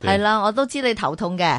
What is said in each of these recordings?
係啦，我都知你頭痛嘅，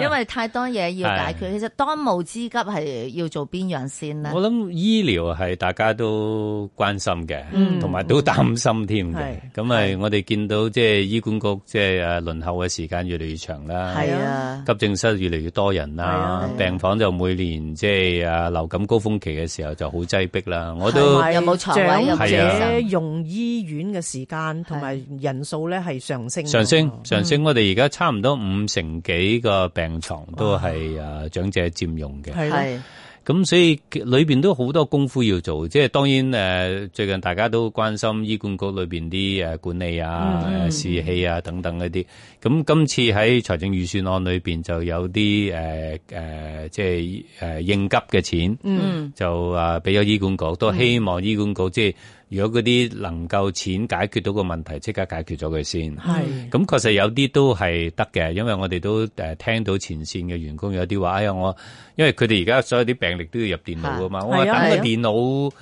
因為太多嘢要解決。其實當務之急係要做邊樣先呢？我諗醫療係大家都關心嘅，同埋都擔心添嘅。咁咪我哋見到即係醫管局即係誒輪候嘅時間越嚟越長啦，係啊！急症室越嚟越多人啦，病房就每年即係啊流感高峰期嘅時候就好擠迫啦。我都有冇長者用醫院嘅時間同埋人數咧係上升上升。嗯、上升，我哋而家差唔多五成幾個病床都係誒長者佔用嘅，係。咁所以裏邊都好多功夫要做，即、就、係、是、當然誒、呃，最近大家都關心醫管局裏邊啲誒管理啊、嗯、士氣啊等等嗰啲。咁今次喺財政預算案裏邊就有啲誒誒，即係誒應急嘅錢，嗯，就誒俾咗醫管局，都希望醫管局、嗯、即係。如果嗰啲能夠錢解決到個問題，即刻解決咗佢先。咁的確實有啲都係得嘅，因為我哋都誒聽到前線嘅員工有啲話，哎呀我，因為佢哋而家所有啲病歷都要入電腦㗎嘛，的我等個電腦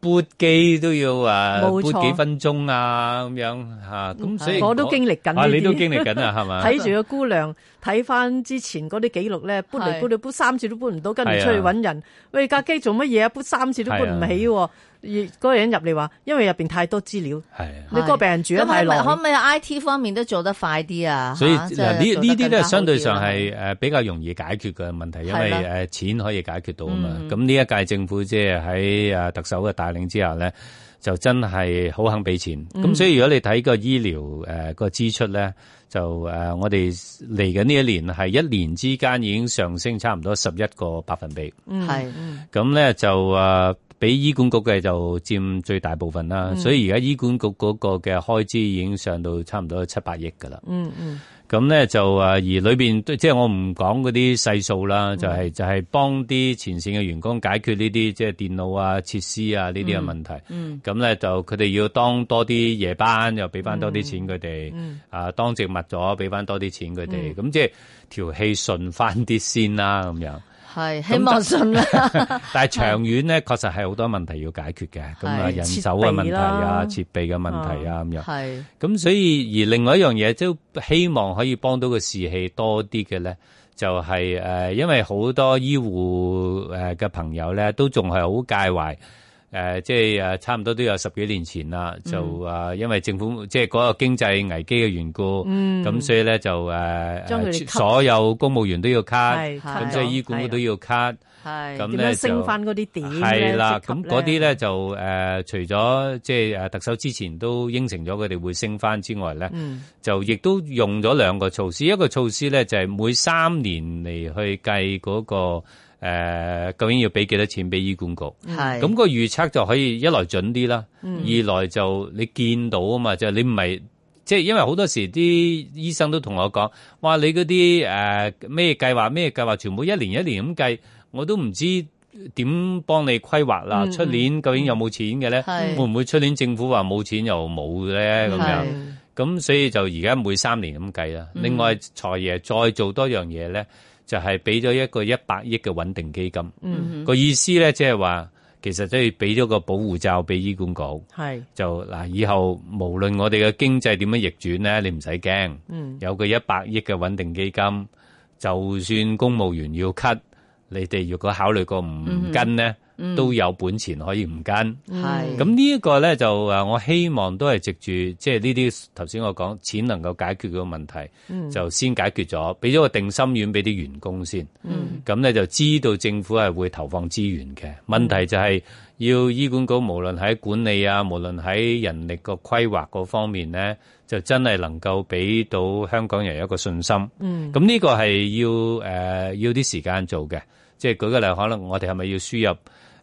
撥機都要啊撥幾分鐘啊咁的錯、啊、樣咁、嗯、所以我都經歷緊呢啲、啊、你都經歷緊啊，係咪？睇住 個姑娘，睇翻之前嗰啲記錄咧，搬嚟搬嚟搬三次都搬唔到，跟住出去揾人，的喂架機做乜嘢啊？搬三次都搬唔起喎的。嗰個人入嚟話，因為入邊太多資料，的你個病人住咗太耐，可唔可以 I T 方面都做得快啲啊？所以嗱，呢呢啲咧相對上係誒比較容易解決嘅問題，的因為誒錢可以解決到啊嘛。咁呢一屆政府即係喺誒特首嘅帶領之下咧，就真係好肯俾錢。咁、嗯、所以如果你睇個醫療誒個支出咧，就誒我哋嚟緊呢一年係一年之間已經上升差唔多十一個百分比。的嗯，係，咁咧就誒。俾醫管局嘅就佔最大部分啦，嗯、所以而家醫管局嗰個嘅開支已經上到差唔多七百億噶啦。嗯就、就是、嗯，咁咧就而裏邊即係我唔講嗰啲細數啦，就係就係幫啲前綫嘅員工解決呢啲即係電腦啊、設施啊呢啲嘅問題。嗯，咁、嗯、咧就佢哋要當多啲夜班，又俾翻多啲錢佢哋。嗯嗯、啊當職務咗，俾翻多啲錢佢哋。咁即係條氣順翻啲先啦，咁樣。係，希望信啦但。 但係長遠咧，確實係好多問題要解決嘅。咁啊是，人手嘅問題啊，設備嘅問題啊咁樣。係、嗯。咁所以而另外一樣嘢都希望可以幫到個士氣多啲嘅咧，就係誒，因為好多醫護誒嘅朋友咧，都仲係好介懷。誒、呃、即係誒差唔多都有十幾年前啦，嗯、就誒、呃、因為政府即係嗰個經濟危機嘅緣故，咁、嗯、所以咧就誒、呃、所有公務員都要 cut< 是>，咁即係醫管局都要 cut。係咁咧，是呢升翻嗰啲點係啦？咁嗰啲咧就誒、呃，除咗即係誒特首之前都應承咗佢哋會升翻之外咧，嗯、就亦都用咗兩個措施。一個措施咧就係、是、每三年嚟去計嗰、那個、呃、究竟要俾幾多錢俾醫管局。咁、嗯、個預測就可以一來準啲啦，嗯、二來就你見到啊嘛，就你唔係即係因為好多時啲醫生都同我講，哇！你嗰啲誒咩計劃咩計劃，全部一年一年咁計。我都唔知點幫你規劃啦。出年究竟有冇錢嘅咧？嗯、會唔會出年政府話冇錢又冇咧？咁是樣咁，所以就而家每三年咁計啦。嗯、另外財爺再做多樣嘢咧，就係俾咗一個一百億嘅穩定基金。個、嗯、哼意思咧，即係話其實即係俾咗個保護罩俾醫管局。係是就嗱，以後無論我哋嘅經濟點樣逆轉咧，你唔使驚。嗯、有個一百億嘅穩定基金，就算公務員要 cut。你哋如果考慮過唔跟咧，嗯、哼都有本錢可以唔跟。係咁是呢一個咧，就我希望都係藉住即係呢啲頭先我講錢能夠解決個問題，嗯、就先解決咗，俾咗個定心丸俾啲員工先。咁咧、嗯、就知道政府係會投放資源嘅。問題就係、是嗯、要醫管局無論喺管理啊，無論喺人力個規劃嗰方面咧，就真係能夠俾到香港人一個信心。咁呢、嗯、個係要誒、呃、要啲時間做嘅。即係舉個例，可能我哋係咪要輸入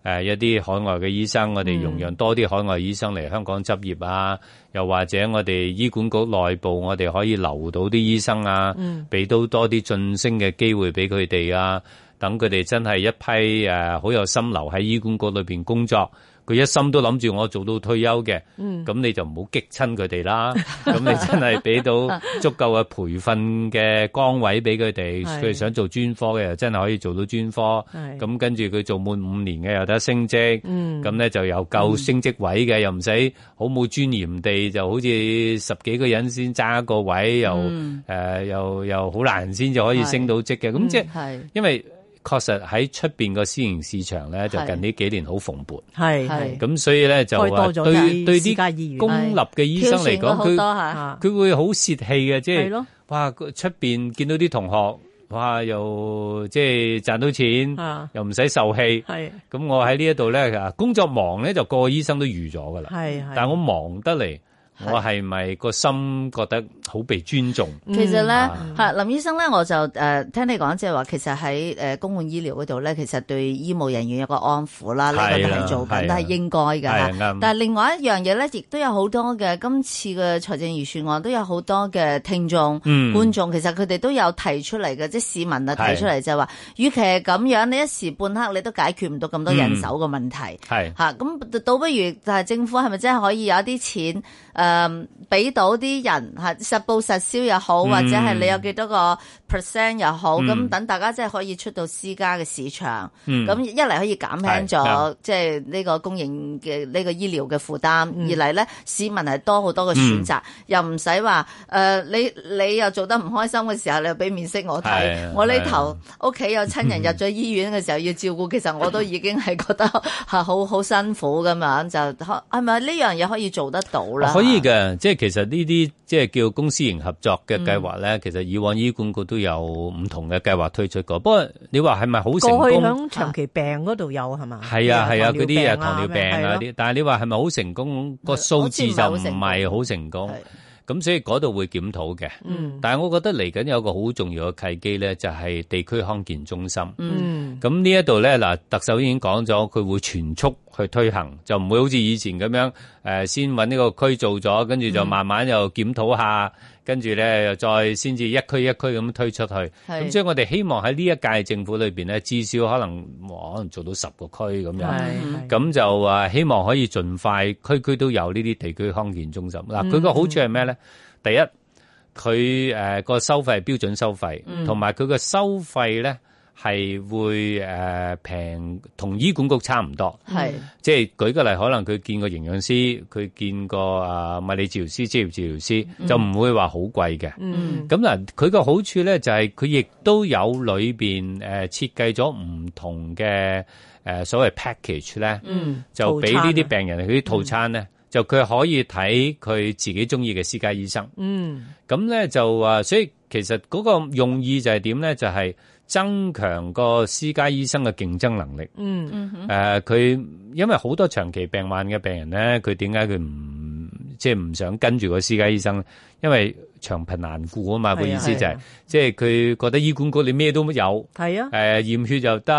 誒一啲海外嘅醫生？我哋容讓多啲海外醫生嚟香港執業啊，嗯、又或者我哋醫管局內部，我哋可以留到啲醫生啊，俾到多啲晉升嘅機會俾佢哋啊，等佢哋真係一批誒好有心留喺醫管局裏面工作。佢一心都諗住我做到退休嘅，咁、嗯、你就唔好激親佢哋啦。咁 你真係俾到足夠嘅培訓嘅崗位俾佢哋，佢是想做專科嘅又真係可以做到專科。咁是跟住佢做滿五年嘅又得升職，咁咧、嗯、就又夠升職位嘅、嗯、又唔使好冇尊嚴地，就好似十幾個人先爭一個位，嗯、又、呃、又又好難先就可以升到職嘅。咁即係因為確實喺出邊個私營市場咧，就近呢幾年好蓬勃，係係咁，所以咧就對對啲公立嘅醫生嚟講，佢佢會好泄氣嘅，即係哇出邊見到啲同學哇又即係賺到錢，的又唔使受氣，咁的我喺呢一度咧，工作忙咧就個個醫生都預咗噶啦，係，但係我忙得嚟。我係咪個心覺得好被尊重？是嗯、其實咧，嚇、嗯、林醫生咧，我就誒、呃、聽你講，即係話其實喺誒、呃、公共醫療嗰度咧，其實對醫務人員有個安撫啦，呢的個係做緊，都係應該㗎。的的但係另外一樣嘢咧，亦都有好多嘅。今次嘅財政預算案都有好多嘅聽眾、嗯、觀眾，其實佢哋都有提出嚟嘅，即係市民啊提出嚟就係話，是的與其係咁樣，你一時半刻你都解決唔到咁多人手嘅問題，係嚇，咁倒不如就係政府係咪真係可以有一啲錢誒？呃誒，俾到啲人吓，實報實銷又好，或者係你有幾多個嗯 percent 又好，咁等大家即係可以出到私家嘅市場，咁一嚟可以減輕咗即係呢個公營嘅呢個醫療嘅負擔，二嚟咧市民係多好多嘅選擇，又唔使話誒你你又做得唔開心嘅時候，你又俾面色我睇，我呢頭屋企有親人入咗醫院嘅時候要照顧，其實我都已經係覺得係好好辛苦咁樣，就係咪呢樣嘢可以做得到啦？可以嘅，即係其實呢啲即係叫公私營合作嘅計劃咧，其實以往醫管局都。都有唔同嘅計劃推出過，不過你話係咪好成功？過去響長期病嗰度有係嘛？係啊係啊，嗰啲啊糖尿病啊啲，但係你話係咪好成功？個數字就唔係好成功，咁所以嗰度會檢討嘅。嗯，但係我覺得嚟緊有個好重要嘅契機咧，就係地區康健中心。嗯，咁呢一度咧嗱，特首已經講咗，佢會全速去推行，就唔會好似以前咁樣誒，先揾呢個區做咗，跟住就慢慢又檢討下。跟住咧，又再先至一區一區咁推出去。咁所以我哋希望喺呢一屆政府裏邊咧，至少可能可能做到十個區咁樣。咁就啊，希望可以盡快區區都有呢啲地區康健中心。嗱，佢個好處係咩咧？第一，佢誒個收費係標準收費，同埋佢個收費咧。係會誒平同醫管局差唔多，係是即係舉個例，可能佢見過營養師，佢見過啊物理治療師、職業治療師，就唔會話好貴嘅。嗯，咁嗱，佢個、嗯、好處咧就係佢亦都有裏邊誒設計咗唔同嘅誒、啊、所謂 package 咧，嗯，啊、就俾呢啲病人佢啲套餐咧，嗯、就佢可以睇佢自己中意嘅私家醫生。嗯，咁咧就啊，所以其實嗰個用意就係點咧，就係、是。增強個私家醫生嘅競爭能力。嗯嗯，誒、嗯，佢、呃，因為好多長期病患嘅病人咧，佢點解佢唔即係唔想跟住個私家醫生咧？因為長貧難顧啊嘛，個、啊啊、意思就係即係佢覺得醫管局你咩都有。係啊。誒、呃，驗血就得，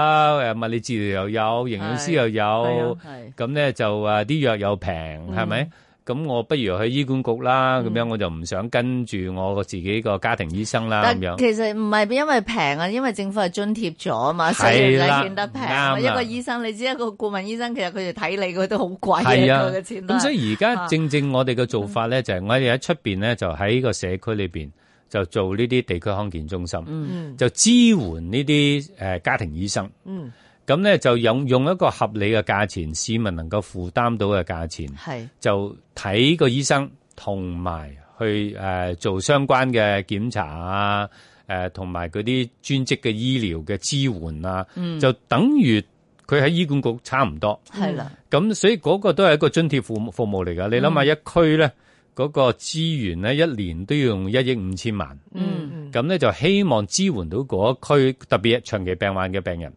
誒，物理治療又有，營養師又有，咁咧就啊，啲藥、啊啊啊、又平，係咪、嗯？咁我不如去醫管局啦，咁樣、嗯、我就唔想跟住我個自己個家庭醫生啦。咁樣其實唔係因為平啊，因為政府係津貼咗啊嘛，了所以先得平。了一個醫生你知一個顧問醫生，其實佢哋睇你佢都好貴啊，佢嘅錢。咁了所以而家正正我哋嘅做法咧，啊、就係我哋喺出邊咧，就喺個社區裏邊就做呢啲地區康健中心，嗯、就支援呢啲誒家庭醫生。嗯咁咧就用用一個合理嘅價錢，市民能夠負擔到嘅價錢，係是就睇個醫生，同埋去誒做相關嘅檢查啊，誒同埋嗰啲專職嘅醫療嘅支援啊，嗯、就等於佢喺醫管局差唔多，係啦的。咁所以嗰個都係一個津貼服服務嚟噶。你諗下一區咧嗰個資源咧，一年都要用一億五千萬，嗯。嗯咁咧就希望支援到嗰一區，特別長期病患嘅病人，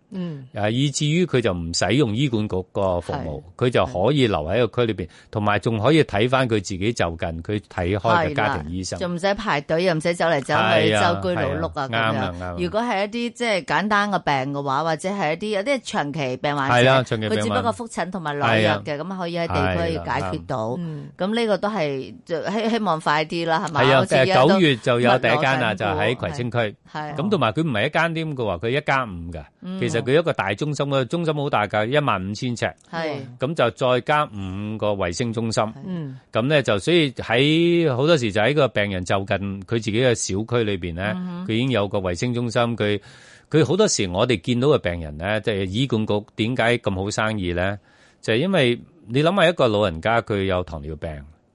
誒，以至於佢就唔使用醫管局個服務，佢就可以留喺個區裏面，同埋仲可以睇返佢自己就近佢睇開嘅家庭醫生，仲唔使排隊，又唔使走嚟走去周居勞碌啊咁樣。如果係一啲即係簡單嘅病嘅話，或者係一啲有啲長期病患，佢只不過覆診同埋攞藥嘅，咁可以喺地區解決到。咁呢個都係就希希望快啲啦，係咪？誒，九月就有第一間啦，就係喺葵青區，咁同埋佢唔係一間添。嘅話，佢一加五㗎。嗯、哼其實佢一個大中心嘅，中心好大㗎，一萬五千尺。係咁是就再加五個衛星中心。咁咧是、嗯、就所以喺好多時就喺個病人就近佢自己嘅小區裏邊咧，佢、嗯、哼已經有個衛星中心。佢佢好多時我哋見到嘅病人咧，即係醫管局點解咁好生意咧？就係、是、因為你諗下一個老人家佢有糖尿病。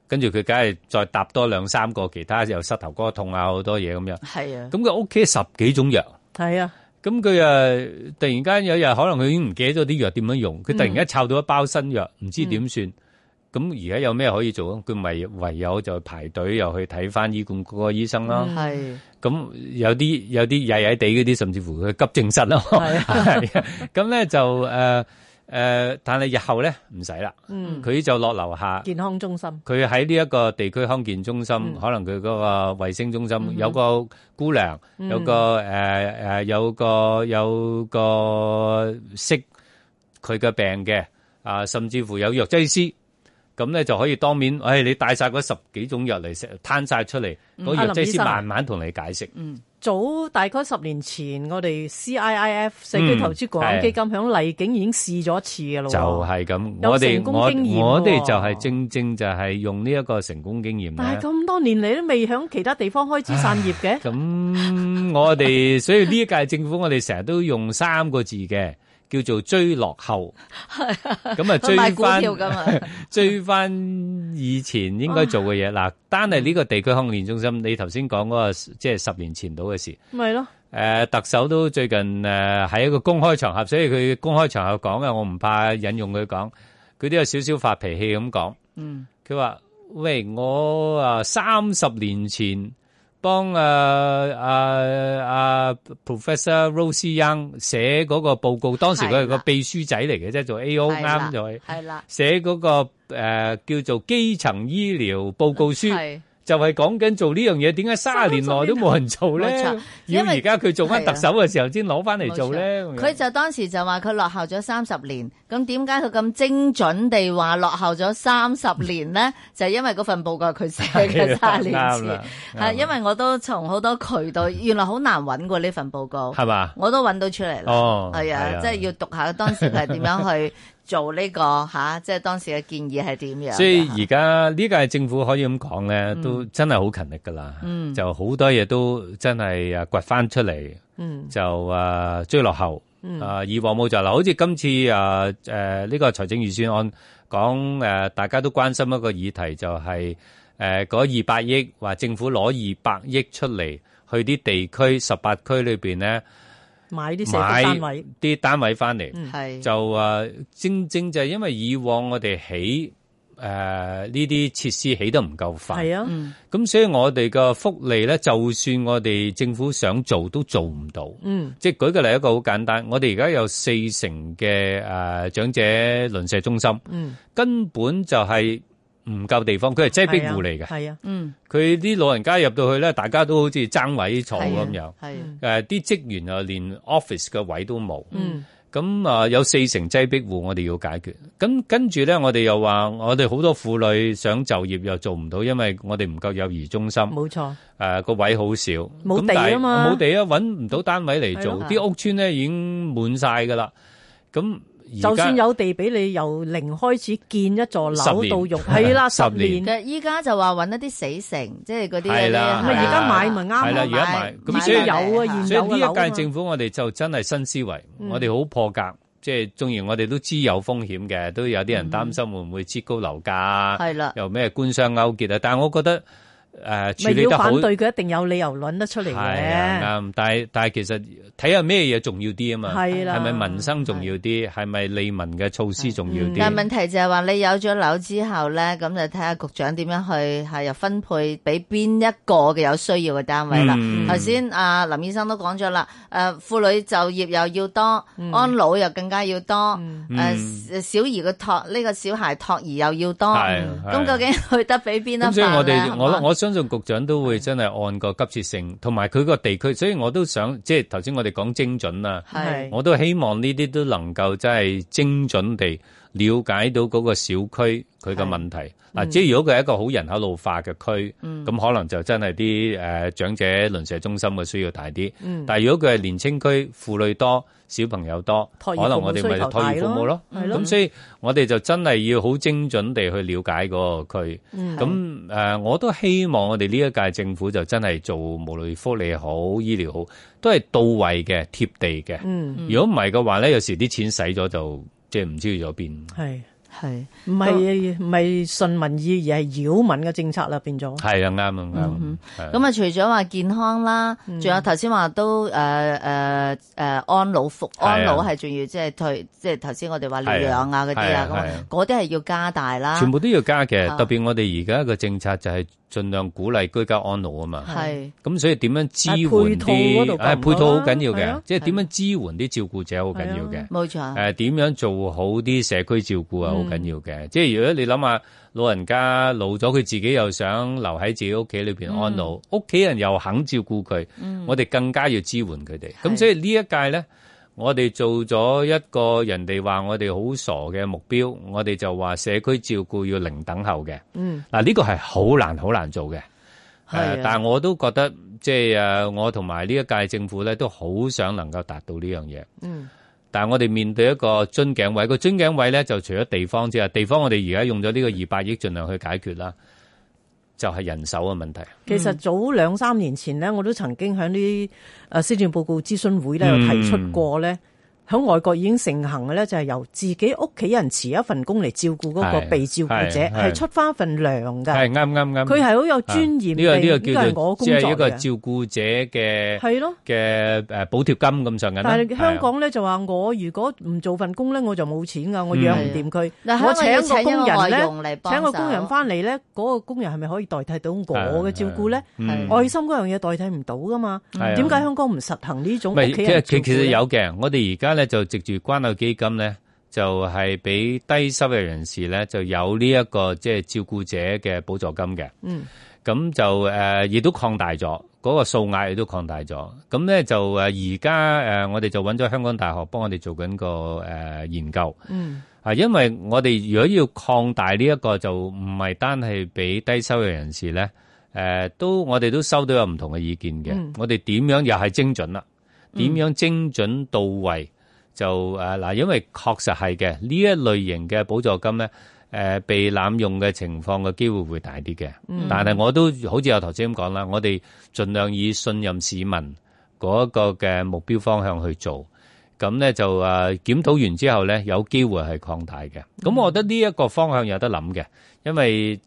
跟住佢梗係再搭多兩三個其他又膝頭哥痛啊，好多嘢咁樣，係啊。咁佢屋企十幾種藥，係啊。咁佢啊突然間有日可能佢已經唔記得咗啲藥點樣用，佢突然間湊到一包新藥，唔、嗯、知點算。咁而家有咩可以做啊？佢咪唯，唯有就排隊又去睇翻醫管局個醫生咯。係、啊。咁有啲有啲曳曳地嗰啲，甚至乎佢急症室咯。係啊。咁咧、 啊、就誒。呃誒、呃，但係日後咧唔使啦，佢、嗯、就落樓下健康中心。佢喺呢一個地區康健中心，嗯、可能佢嗰個衛生中心、嗯、有個姑娘，嗯、有個誒誒、呃，有個有個識佢嘅病嘅，啊、呃，甚至乎有藥劑師，咁咧就可以當面，誒、哎，你帶晒嗰十幾種藥嚟，攤晒出嚟，嗯、個藥劑師慢慢同你解釋。啊早大概十年前，我哋 CIIF 社區投資管理基金響麗景已經試咗一次嘅咯、嗯，就係、是、咁，我哋成功經驗。我哋就係正正就係用呢一個成功經驗。但係咁多年嚟都未響其他地方開枝散葉嘅。咁我哋所以呢一屆政府， 我哋成日都用三個字嘅。叫做追落後，係咁啊，追翻， 嘛 追翻以前應該做嘅嘢嗱。單係呢個地區訓練中心，嗯、你頭先講嗰個即係十年前度嘅事，咪咯的？誒、呃，特首都最近誒喺、呃、一個公開場合，所以佢公開場合講嘅，我唔怕引用佢講，佢都有少少發脾氣咁講。嗯，佢話：喂，我啊三十年前。幫啊啊啊 Professor Rose Young 寫嗰個報告，的當時佢係個秘書仔嚟嘅啫，做 A.O. 咁就係啦，寫嗰、嗰個誒的、嗰個啊、叫做基層醫療報告書。就係講緊做呢樣嘢，點解三十年內都冇人做咧？因為而家佢做翻特首嘅時候先攞翻嚟做咧。佢就當時就話佢落後咗三十年，咁點解佢咁精準地話落後咗三十年咧？ 就係因為嗰份報告係佢寫嘅三十年前，係因為我都從好多渠道原來好難揾過呢份報告，係嘛吧？我都揾到出嚟啦。係、哦哎、呀啊，即係要讀下當時係點樣去。 做呢、呢個嚇、啊，即係當時嘅建議係點樣？所以而家呢屆政府可以咁講咧，嗯、都真係好勤力噶啦。嗯，就好多嘢都真係啊掘翻出嚟。嗯，就啊追落後。嗯、啊以往冇。就嗱，好似今次啊呢、啊呢個財政預算案講，啊、大家都關心一個議題，就是，就係誒嗰二百億話，啊、政府攞二百億出嚟去啲地區十八區裏邊咧。買啲社區單位，啲單位翻嚟，就誒，正正就係因為以往我哋起誒呢啲設施起得唔夠快，係啊，咁所以我哋嘅福利咧，就算我哋政府想做都做唔到，嗯，即係舉個例，一個好簡單，我哋而家有四成嘅誒長者鄰舍中心，嗯，根本就係。唔夠地方，佢係擠逼戶嚟嘅。係啊，啊嗯，佢啲老人家入到去咧，大家都好似爭位坐咁樣。係、啊，誒啲、啊呃、職員啊，連 office 嘅位都冇。嗯，咁啊、呃，有四成擠逼戶，我哋要解決。咁跟住咧，我哋又話，我哋好多婦女想就業又做唔到，因為我哋唔夠幼兒中心。冇錯，誒、呃、個位好少，冇地啊嘛，冇、呃、地啊，揾唔到單位嚟做，啲的屋邨咧已經滿晒噶啦。咁、嗯就算有地俾你由零開始建一座樓到肉，係啦十年。其實依家就話搵一啲死城，即係嗰啲咩而家買咪啱咯。係啦，而家買咁，所以有啊，現有啲。屆政府我哋就真係新思維，我哋好破格，即係縱然我哋都知有風險嘅，都有啲人擔心會唔會折高樓價，係啦，又咩官商勾結啊？但係我覺得。誒，處理得好，咪要反對佢一定有理由論得出嚟嘅。係啊，啱。但係但係其實睇下咩嘢重要啲啊嘛。係啦，係咪民生重要啲？係咪利民嘅措施重要啲？但係問題就係話你有咗樓之後咧，咁就睇下局長點樣去係又分配俾邊一個嘅有需要嘅單位啦。頭先阿林醫生都講咗啦，誒，婦女就業又要多，安老又更加要多，誒，小兒嘅托呢個小孩托兒又要多。係，咁究竟去得俾邊一方咧？咁所以我哋我我。相信局長都會真係按個急切性，同埋佢個地區，所以我都想即係頭先我哋講精準啦，是的 我都希望呢啲都能夠真係精準地。了解到嗰個小區佢嘅問題，嗱，嗯、即係如果佢係一個好人口老化嘅區，咁、嗯、可能就真係啲誒長者鄰舍中心嘅需要大啲。嗯、但係如果佢係年青區婦女多，小朋友多，務可能我哋咪託兒服務咯。係咯。咁所以，我哋就真係要好精準地去了解嗰個區，區。咁誒我都希望我哋呢一屆政府就真係做，無論福利好、醫療好，都係到位嘅、貼、嗯、地嘅。如果唔係嘅話咧，有時啲錢使咗就～即係唔知去咗邊。係唔係唔係順民意而係擾民嘅政策啦，變咗係。啊啱，啊啱。咁啊，除咗話健康啦，仲有頭先話都誒誒誒安老服安老係仲要即係退，即係頭先我哋話療養啊嗰啲啊，嗰啲係要加大啦。全部都要加嘅，特別我哋而家個政策就係盡量鼓勵居家安老啊嘛。係咁，所以點樣支援啲，配套好緊要嘅，即係點樣支援啲照顧者好緊要嘅。冇錯。誒，點樣做好啲社區照顧啊？好緊要嘅，嗯、即係如果你諗下老人家老咗，佢自己又想留喺自己屋企裏邊安老，屋企，嗯、人又肯照顧佢，嗯、我哋更加要支援佢哋。咁的所以呢一屆呢，我哋做咗一個人哋話我哋好傻嘅目標，我哋就話社區照顧要零等候嘅。嗯，嗱呢個係好難好難做嘅，係的、呃，但係我都覺得即係我同埋呢一屆政府呢，都好想能夠達到呢樣嘢。嗯。但係我哋面對一個樽頸位，個樽頸位咧就除咗地方之外，地方我哋而家用咗呢個二百億，盡量去解決啦，就係人手嘅問題。其實早兩三年前咧，我都曾經喺呢啲誒施政報告諮詢會咧，有提出過咧。嗯喺外國已經盛行嘅咧，就係由自己屋企人辭一份工嚟照顧嗰個被照顧者，係出翻份糧㗎。係啱啱啱，佢係好有尊嚴。呢個呢個叫做即係一個照顧者嘅係咯嘅誒補貼金咁上下。但係香港咧就話我如果唔做份工咧，我就冇錢㗎，我養唔掂佢。我請個工人咧，請個工人翻嚟咧，嗰個工人係咪可以代替到我嘅照顧咧？愛心嗰樣嘢代替唔到㗎嘛？點解香港唔實行呢種屋企人？其其實有嘅，我哋而家。咧就藉住關愛基金咧，就係、是、俾低收入人士咧，就有呢、這、一個即係、就是、照顧者嘅補助金嘅。嗯，咁就誒亦、呃、都擴大咗，嗰、那個數額亦都擴大咗。咁咧就誒而家誒我哋就揾咗香港大學幫我哋做緊個誒、呃、研究。嗯，啊，因為我哋如果要擴大呢、這、一個，就唔係單係俾低收入人士咧。誒、呃，都我哋都收到有唔同嘅意見嘅。嗯、我哋點樣又係精準啦？點樣精準到位？嗯就誒嗱，因為確實係嘅，呢一類型嘅補助金咧，誒、呃、被濫用嘅情況嘅機會會大啲嘅。嗯，但係我都好似我頭先咁講啦，我哋盡量以信任市民嗰一個嘅目標方向去做，咁咧就誒檢討完之後咧，有機會係擴大嘅。咁我覺得呢一個方向有得諗嘅，因為。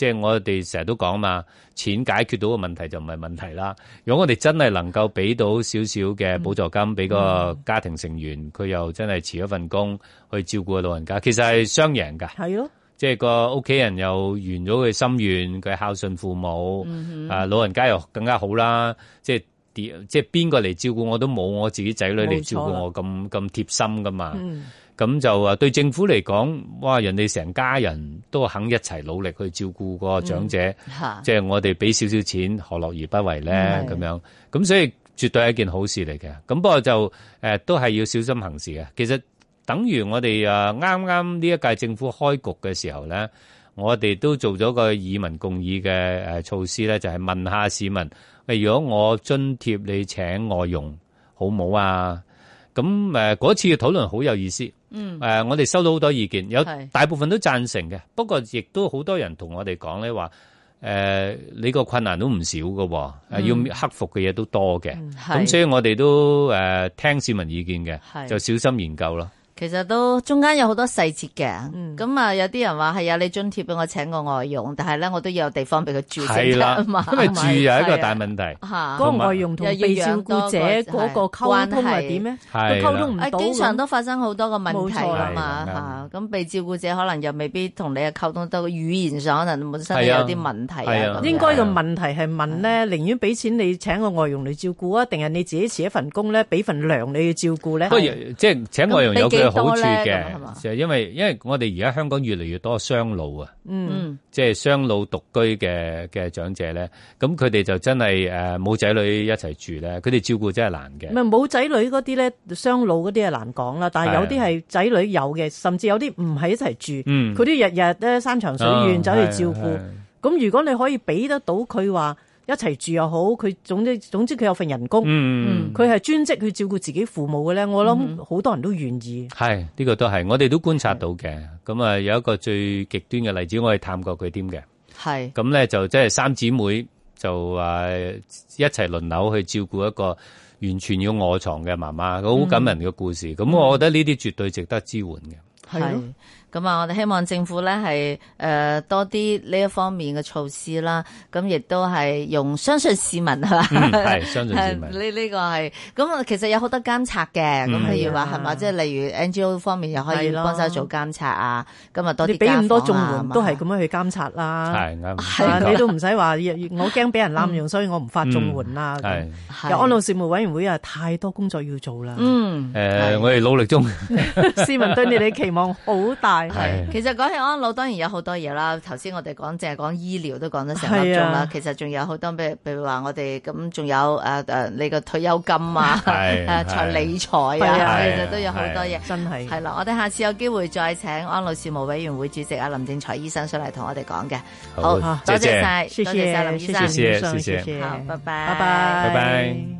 即係我哋成日都講嘛，錢解決到嘅問題就唔係問題啦。如果我哋真係能夠俾到少少嘅補助金俾個家庭成員，佢、嗯、又真係辭咗份工去照顧個老人家，其實係雙贏㗎。係咯的，即係個屋企人又完咗佢心願，佢孝順父母，啊、嗯、哼老人家又更加好啦。即係即係邊個嚟照顧我都冇我自己仔女嚟照顧我咁咁貼心㗎嘛。嗯咁就話對政府嚟講，哇！人哋成家人都肯一齊努力去照顧個、嗯、長者，即係我哋俾少少錢，何樂而不為咧？咁、嗯、樣，咁所以絕對係一件好事嚟嘅。咁不過就、呃、都係要小心行事嘅。其實等於我哋啱啱呢一屆政府開局嘅時候咧，我哋都做咗個以民共議嘅、呃、措施咧，就係、是、問下市民：喂、呃，如果我津貼你請外傭，好冇啊？咁、呃、嗰次嘅討論好有意思。嗯，誒、呃，我哋收到好多意見，有大部分都贊成嘅，是不過亦都好多人同我哋講咧話，誒、呃，你個困難都唔少嘅誒，呃嗯、要克服嘅嘢都多嘅，咁是所以我哋都誒、呃、聽市民意見嘅，是就小心研究咯。其實都中間有好多細節嘅，咁啊有啲人話係有你津貼俾我請個外傭，但係咧我都有地方俾佢住，係啦，因為住又係一個大問題。吓，個外傭同被照顧者嗰個溝通係點咧？係啊，經常都發生好多個問題啊嘛，吓，咁被照顧者可能又未必同你溝通得，語言上可能本身有啲問題啊。應該個問題係問咧，寧願俾錢你請個外傭嚟照顧啊，定係你自己辭一份工咧，俾份糧你去照顧咧？不如即係請外傭有佢好處嘅，就係因為因為我哋而家香港越嚟越多雙老啊，嗯，即係雙老獨居嘅嘅長者咧，咁佢哋就真係誒冇仔女一齊住咧，佢哋照顧真係難嘅。唔係冇仔女嗰啲咧，雙老嗰啲係難講啦，但係有啲係仔女有嘅，的甚至有啲唔係一齊住，佢哋、嗯、日日咧山長水遠、哦、走去照顧。咁如果你可以俾得到佢話一齊住又好，佢總之總之佢有份人工，佢係專職去照顧自己父母嘅咧。嗯、我諗好多人都願意。係呢、呢個都係，我哋都觀察到嘅。咁啊是、嗯，有一個最極端嘅例子，我係探過佢點嘅。係咁咧，就即係三姊妹就話一齊輪流去照顧一個完全要臥床嘅媽媽，好感人嘅故事。咁、嗯、我覺得呢啲絕對值得支援嘅。係是。咁啊，我哋希望政府咧係誒多啲呢一方面嘅措施啦，咁亦都係用相信市民係係相信市民呢呢個係，咁啊其實有好多監察嘅，咁譬如話係嘛，即係例如 NGO 方面又可以幫手做監察啊，咁啊多啲。你俾咁多綜援，都係咁樣去監察啦，係啱，你都唔使話，我驚俾人濫用，所以我唔發綜援啦。係，安老事務委員會啊，有太多工作要做啦。嗯，誒，我哋努力中。市民對你哋期望好大。係，其實講起安老，當然有好多嘢啦。頭先我哋講淨係講醫療都講咗成粒鐘啦。其實仲有好多，譬如，比如話我哋咁，仲有誒誒，你嘅退休金啊，誒，財理財啊，其實都有好多嘢，真係係啦。我哋下次有機會再請安老事務委員會主席林正財醫生上嚟同我哋講嘅。好，多謝晒，多謝晒，林醫生，謝謝，謝謝，拜拜，拜拜，拜拜。